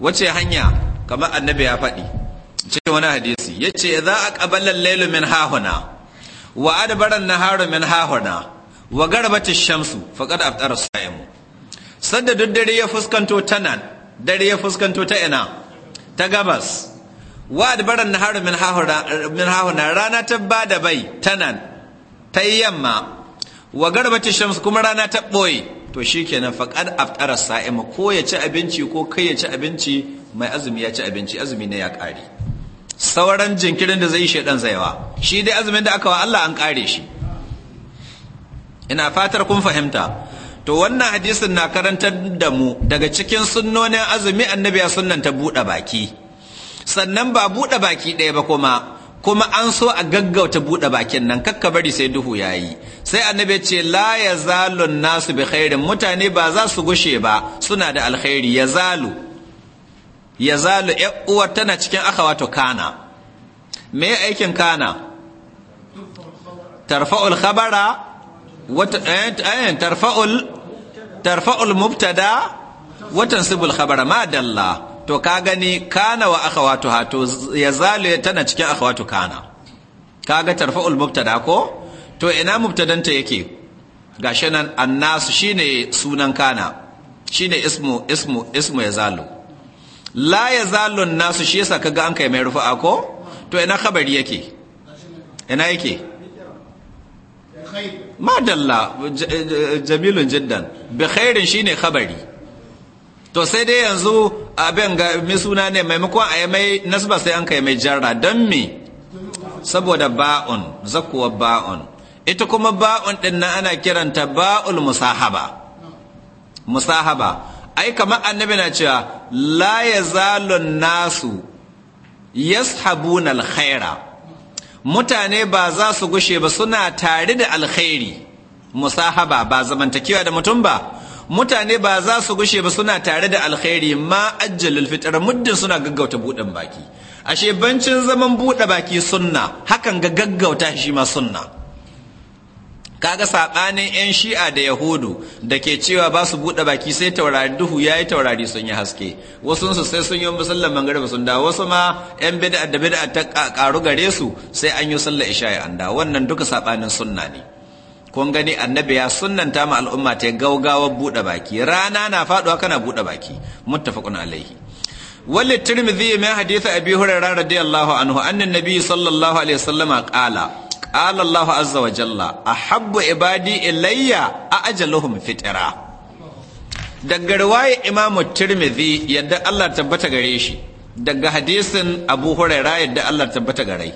wace hanya kamar annabi ya faɗi cikin wani hadisi ya ce za a ƙaballar lailu min hahuna wa adabaran haru min hahuna wa garbacin shamsu faƙar aftar sa'imu sanda duk dare ya fuskanto ta nan dare ya fuskanto ta ina ta gabas wa adabaran haru min hahuna rana ta ba da bai ta nan ta yamma wa garbacin shamsu kuma rana ta ɓoye to shikenan faqad aftara sa'ima ko ya ci abinci ko kai ya ci abinci mai azumi ya ci abinci azumi ne ya kare sauran jinkirin da zai shedan zaiwa shi dai azumin da aka wa Allah an kare shi ina fatar kun fahimta to wannan hadisin na karantar da mu daga cikin sunnonin azumi annabi ya sunnanta buɗe baki sannan ba buɗe baki ɗaya ba kuma kuma an so a gaggauta buɗe bakin nan kakka bari sai duhu yayi sai annabi ce la yazalun nasu bi khairin mutane ba za su gushe ba suna da alkhairi Ya zalu ya uwar tana cikin wato kana me aikin kana tarfa'ul khabara eh, eh, tarfa'ul mubtada watan sibul khabara ma dalla to ka gani kana wa akhawatuha hato ya zalu tana cikin akhawatu kana kaga tarfa'ul mubtada ko to ina mubtadanta yake gashi nan annasu shine sunan kana shine ismu ismu ismu ya zalu la ya zalu nasu shi yasa kaga an kai mai rufa'a ko to ina khabari yake ina yake madalla jamilun jiddan bi khairin shine khabari to sai dai yanzu abin ga mi suna ne maimakon a yi mai nasba sai an kai mai jarra don me saboda ba'un zakuwa ba'un ita kuma ba'un din nan ana kiranta ba'ul musahaba musahaba ai kama annabi na cewa la yazalun nasu yashabuna alkhaira mutane ba za su gushe ba suna tare da alkhairi musahaba ba zamantakewa da mutum ba mutane ba za su gushe ba suna tare da alkhairi ma ajjalul fitr muddin suna gaggauta buɗin baki ashe bancin zaman buɗe baki sunna hakan ga gaggauta shi ma sunna kaga saɓanin 'yan shi'a da yahudu da ke cewa ba su buɗe baki sai taurari duhu ya yi taurari sun yi haske wasu su sai sun yi musallan mangariba sun da wasu ma 'yan bida da bida ta karu gare su sai an yi sallar isha'i anda wannan duka saɓanin sunna ne kun gani annabi ya sunnanta ma al'umma ta gaugawa buɗe baki rana na faɗuwa kana buɗe baki muttafaqun alaihi wal tirmidhi ma hadith abi hurairah radiyallahu anhu anna nabiy sallallahu alaihi wasallama qala qala allah azza wa jalla ahabbu ibadi ilayya ajaluhum fitra daga riwaya imam tirmidhi yadda Allah tabbata gare shi daga hadisin abu hurairah yadda Allah tabbata gare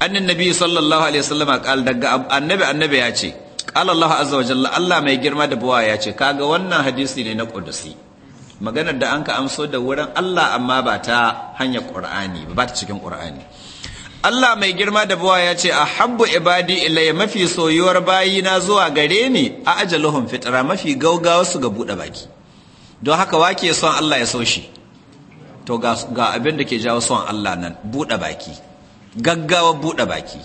annan nabi sallallahu alaihi wasallam qala daga annabi annabi ya ce Ƙala Allah azza wa jalla Allah mai girma da buwa ya ce kaga wannan hadisi ne na ƙudusi, maganar da an ka amso da wurin Allah amma ba ta hanyar Qur'ani ba ta cikin Qur'ani Allah mai girma da buwa ya ce a habbu ibadi ilai mafi soyuwar bayi na zuwa gare ni a ajaluhun fitra mafi gaugawa su ga buɗe baki don haka wake son Allah ya so shi to ga abin da ke jawo son Allah nan buɗe baki gaggawa buɗe baki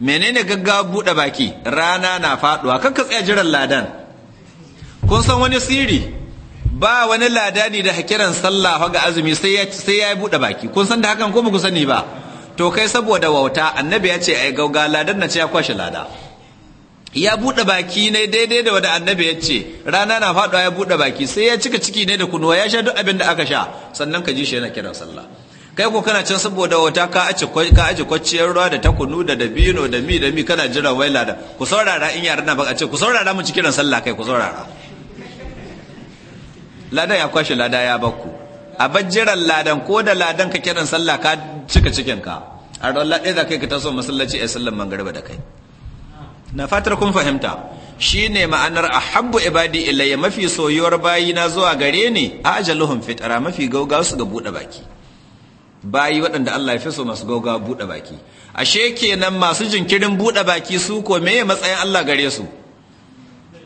menene gaggawa buɗe baki rana na faɗuwa kan ka tsaya jiran ladan kun san wani sirri ba wani ladani da hakiran sallah ga azumi sai ya sai ya buɗe baki kun san da hakan ko ku sani ba to kai saboda wauta annabi ya ce ai gauga ladan na ce ya kwashe lada ya buɗe baki ne daidai da wanda annabi ya ce rana na faɗuwa ya buɗe baki sai ya cika ciki ne da kunuwa ya sha duk abin da aka sha sannan ka ji shi yana kiran sallah kai ko kana can saboda wata ka ace ka aje kwacciyar ruwa da takunu da dabino da mi da mi kana jira waila da ku saurara in yaran na ba a ce ku saurara mu cikin sallah kai ku saurara ladan ya kwashe lada ya bakku a bajiran ladan ko da ladan ka kiran sallah ka cika cikin ka a ran ɗaya da kai ka taso masallaci a sallan mangariba da kai na fatar kun fahimta shine ma'anar ahabbu ibadi ilayya mafi soyuwar bayina zuwa gare ni ajaluhum fitara mafi gaugawa su ga buɗe baki bayi waɗanda Allah ya fi so masu gauga buɗe baki ashe kenan masu jinkirin buɗe baki su ko ya matsayin Allah gare su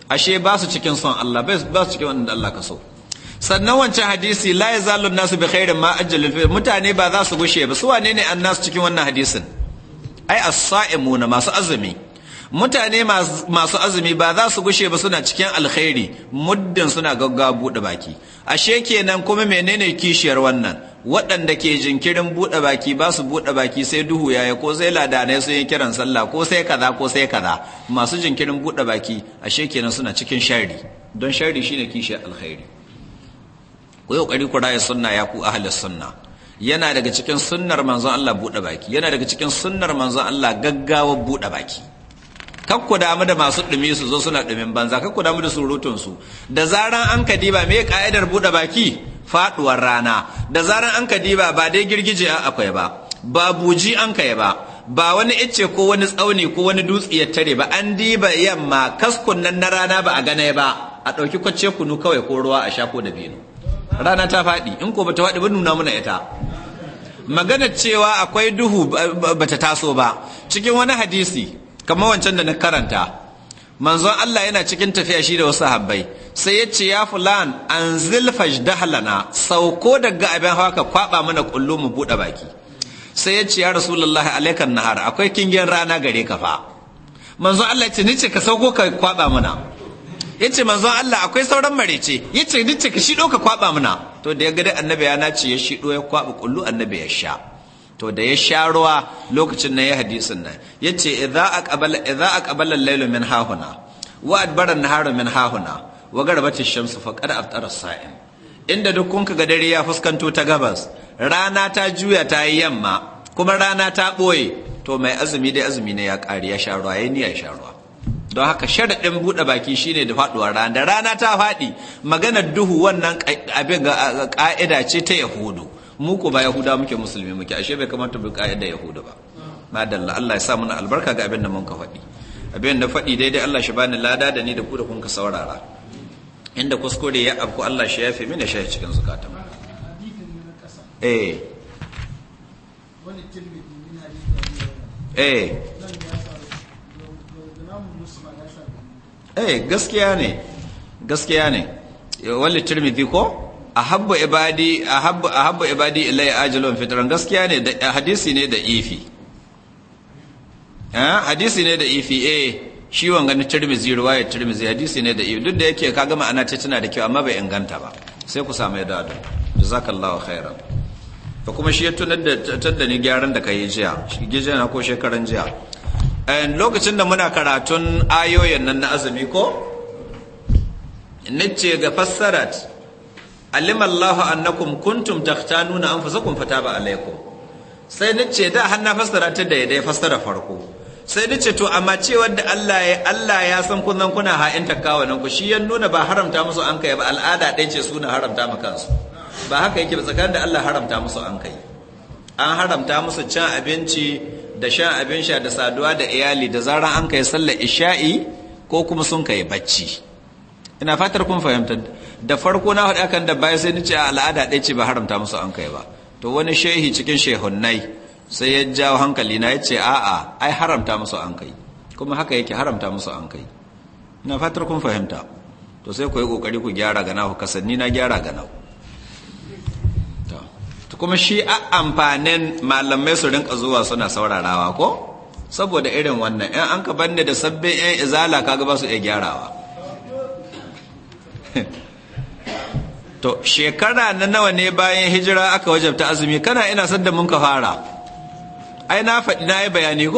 ashe ba su cikin son Allah ba su cikin waɗanda Allah ka so sannan wancan hadisi la zalu nasu bi khairin ma ajjalil fil mutane ba za su gushe ba su wane ne annasu cikin wannan hadisin ai as-sa'imuna masu azumi mutane masu azumi ba za su gushe ba suna cikin alkhairi muddin suna gaggawa buɗe baki ashe kenan kuma menene kishiyar wannan waɗanda ke jinkirin buɗe baki ba su buɗe baki sai duhu ya ko sai ladanai sun yi kiran sallah ko sai kaza ko sai kaza masu jinkirin buɗe baki ashe kenan suna cikin shari don shari shine kishiyar alkhairi ko yau ƙoƙari kura ya sunna ya ku ahalin sunna yana daga cikin sunnar manzon Allah buɗe baki yana daga cikin sunnar manzon Allah gaggawa buɗe baki Kakku damu da masu dumi su zo suna dumin banza Kakku damu da surutun su da zaran an ka diba me ka'idar bude baki faduwar rana da zaran an ka diba ba dai girgije akwai ba ba buji an kai ba ba wani icce ko wani tsauni ko wani dutse ya tare ba an diba yamma kaskun nan na rana ba a gane ba a ɗauki kwacce kunu kawai ko ruwa a sha ko da bino rana ta faɗi in ko bata faɗi ba nuna muna ita magana cewa akwai duhu bata taso ba cikin wani hadisi kamar wancan da na karanta manzon Allah yana cikin tafiya shi da wasu habbai sai ya ce ya fulan an zilfash dahlana sauko daga abin hawa ka kwaba mana kullu mu buɗe baki sai ya ce ya rasulullah alaikan nahar akwai kingen rana gare ka fa manzon Allah ya ce ni ce ka sauko ka kwaba mana ya ce manzon Allah akwai sauran marece ya ce ni ce ka shido ka kwaba mana to da ya ga annabi ya nace ya shido ya kwaba kullu annabi ya sha to da ya sha ruwa lokacin na ya hadisin nan ya ce idza a idza lailu min hahuna wa adbara na naharu min hahuna wa garabati shan shamsu faƙar aftara tsarar saim inda duk kun ga dare ya fuskanto ta gabas rana ta juya ta yi yamma kuma rana ta ɓoye, to mai azumi dai azumi ne ya kare ya sha ruwa yayin ya sha ruwa don haka sharaɗin buɗe baki shine da faɗuwar rana da rana ta faɗi maganar duhu wannan abin ga ƙa'ida ce ta yahudu mu ko ba yahuda muke musulmi muke ashe bai kamata mu da yahuda ba madalla Allah ya sa muna albarka ga abin da mun ka faɗi abin da faɗi daidai Allah shi bani lada da ni da ku da kun ka saurara inda kuskure ya abku Allah shi yafe mini shi cikin zakata eh eh eh gaskiya ne gaskiya ne wani tirmidhi ko ahabbu ibadi ahabbu ahabbu ibadi ilayya ajalun fitran gaskiya ne da hadisi ne da ifi eh hadisi ne da ifi eh shi wanga na tirmizi riwayat tirmizi hadisi ne da ifi duk da yake gama ma'ana ce tana da kyau amma bai inganta ba sai ku samu yadda jazakallahu khairan fa kuma shi ya tunar da tadda ni gyaran da kai jiya na ko shekaran jiya lokacin da muna karatun ayoyin nan na azumi ko nace ga fassarat alimallahu annakum kuntum takhtanuna anfusakum fataba alaikum sai nace da har na fassara ta da ya fassara farko sai nace to amma cewar da Allah ya Allah ya san kun nan kuna takawa nan ku shi ya nuna ba haramta musu an kai ba al'ada dai ce suna haramta maka su. ba haka yake ba tsakanin da Allah haramta musu an kai an haramta musu cin abinci da sha abin sha da saduwa da iyali da zaran an kai sallar isha'i ko kuma sun kai bacci ina fatar kun fahimta da farko na faɗi da dabba sai ni ce al'ada ɗaya ce ba haramta musu an kai ba to wani shehi cikin shehunnai sai ya jawo hankali na ya ce a'a ai haramta musu an kai kuma haka yake haramta musu an kai ina fatar kun fahimta to sai ku yi kokari ku gyara ga nahu kasanni na gyara ga nahu to kuma shi a amfanin malamai su rinka zuwa suna saurarawa ko saboda irin wannan ‘yan an ka banne da sabbin ‘yan izala kaga ba su iya gyarawa to shekara na nawa ne bayan hijira aka wajabta azumi kana ina da mun ka fara ai na faɗi na yi bayani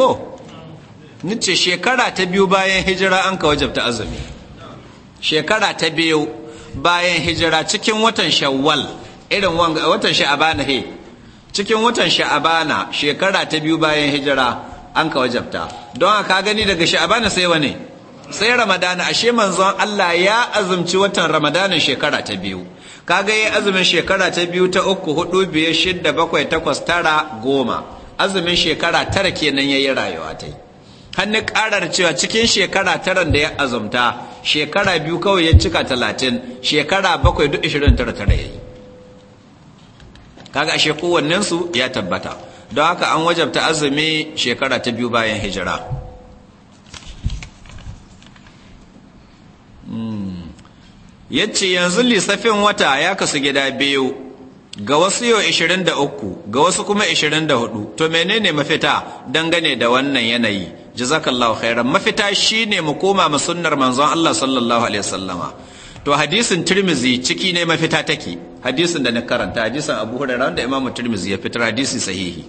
Ni nace shekara ta biyu bayan hijira an ka wajabta azumi shekara ta biyu bayan hijira cikin watan shawwal irin watan sha'abana he cikin watan sha'abana shekara ta biyu bayan hijira an ka wajabta don haka gani daga sha'abana sai wane sai ramadana ashe manzon Allah ya azumci watan ramadanin shekara ta biyu kaga yi azumin shekara ta biyu ta uku hudu biyar shidda bakwai takwas tara goma azumin shekara tara kenan ya yi rayuwa ta yi hannu karar cewa cikin shekara taran da ya azumta shekara biyu kawai ya cika talatin shekara bakwai duk ishirin tara tara ya yi kaga ashe kowannensu ya tabbata don haka an wajabta azumi shekara ta biyu bayan hijira ce yanzu lissafin wata ya kasu gida biyu ga wasu yau ishirin da uku, ga wasu kuma ishirin da hudu, to menene mafita dangane da wannan yanayi jazakallahu khairan mafita shine mu koma mu sunnar manzon Allah sallallahu alaihi wasallama to hadisin Tirmizi ciki ne mafita take hadisin da na karanta hadisin Abu Hurairah da Imam Tirmizi ya fitar hadisi sahihi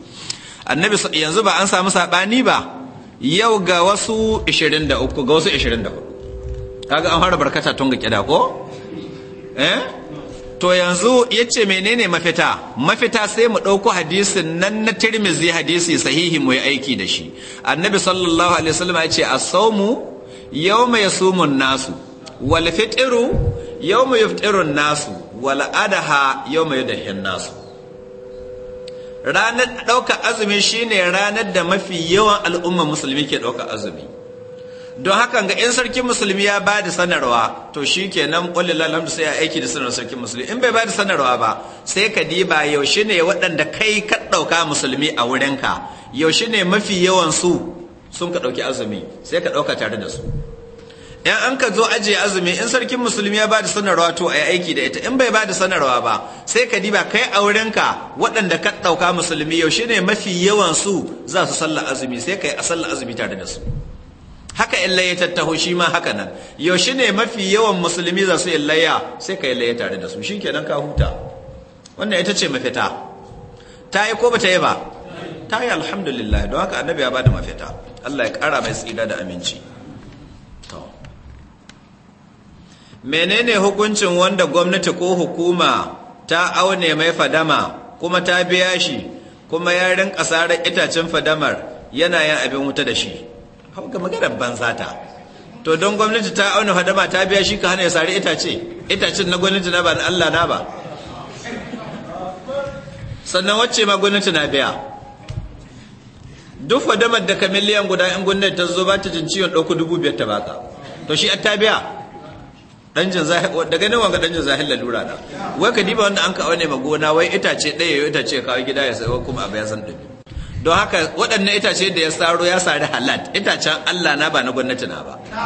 annabi yanzu ba an samu sabani ba yau ga wasu 23 ga wasu 24 kaga an fara barkata tun ga kida ko Eh? to yanzu ya ce menene mafita mafita sai mu ɗauko hadisin nan na tirmizi hadisi sahihi mu yi aiki da shi annabi sallallahu alaihi wasallam ya ce a saumu yau mai sumun nasu wal fitiru yau mai fitirun nasu wal adaha yau mai dahin nasu ranar ɗaukar azumi shine ranar da mafi yawan al'umma musulmi ke ɗauka azumi don hakan ga in sarkin musulmi ya ba da sanarwa to shi nan ƙullin lalamdu sai ya aiki da sanarwar sarkin musulmi in bai ba da sanarwa ba sai ka diba yaushe ne waɗanda kai ka ɗauka musulmi a wurinka yaushe ne mafi yawan su sun ka ɗauki azumi sai ka ɗauka tare da su in an ka zo ajiye azumi in sarkin musulmi ya ba da sanarwa to a yi aiki da ita in bai ba da sanarwa ba sai ka diba kai a wurinka waɗanda ka ɗauka musulmi yaushe ne mafi yawan su za su sallar azumi sai ka yi a sallar azumi tare da su haka illaya tattaho shi ma haka nan yaushe ne mafi yawan musulmi za su illaya sai ka illaya tare da su shi kenan ka huta wannan ita ce mafita ta yi ko bata yi ba ta yi alhamdulillah don haka annabi ya da mafita Allah ya kara mai tsida da aminci menene hukuncin wanda gwamnati ko hukuma ta aune mai fadama kuma ta biya shi kuma ya rinka sarar itacen fadamar yana yin abin wuta da shi hauka magarar banza ta to don gwamnati ta auna hadama ta biya shi ka hana ya sari itace itacen na gwamnati na ba na Allah na ba sannan wacce ma gwamnati na biya duk hadamar da ka miliyan guda in gwamnati ta zo ba ta jin ciwon ɗauko dubu biyar ta baka to shi ta biya danjin zahir daga nan wanga danjin zahir lalura na wai ka diba wanda an ka aune ma gona wai itace ɗaya ya itace kawo gida ya sai kuma a bayan san ɗabi don haka waɗannan itace da ya tsaro ya sari halat itacen Allah na ba na gwamnati na ba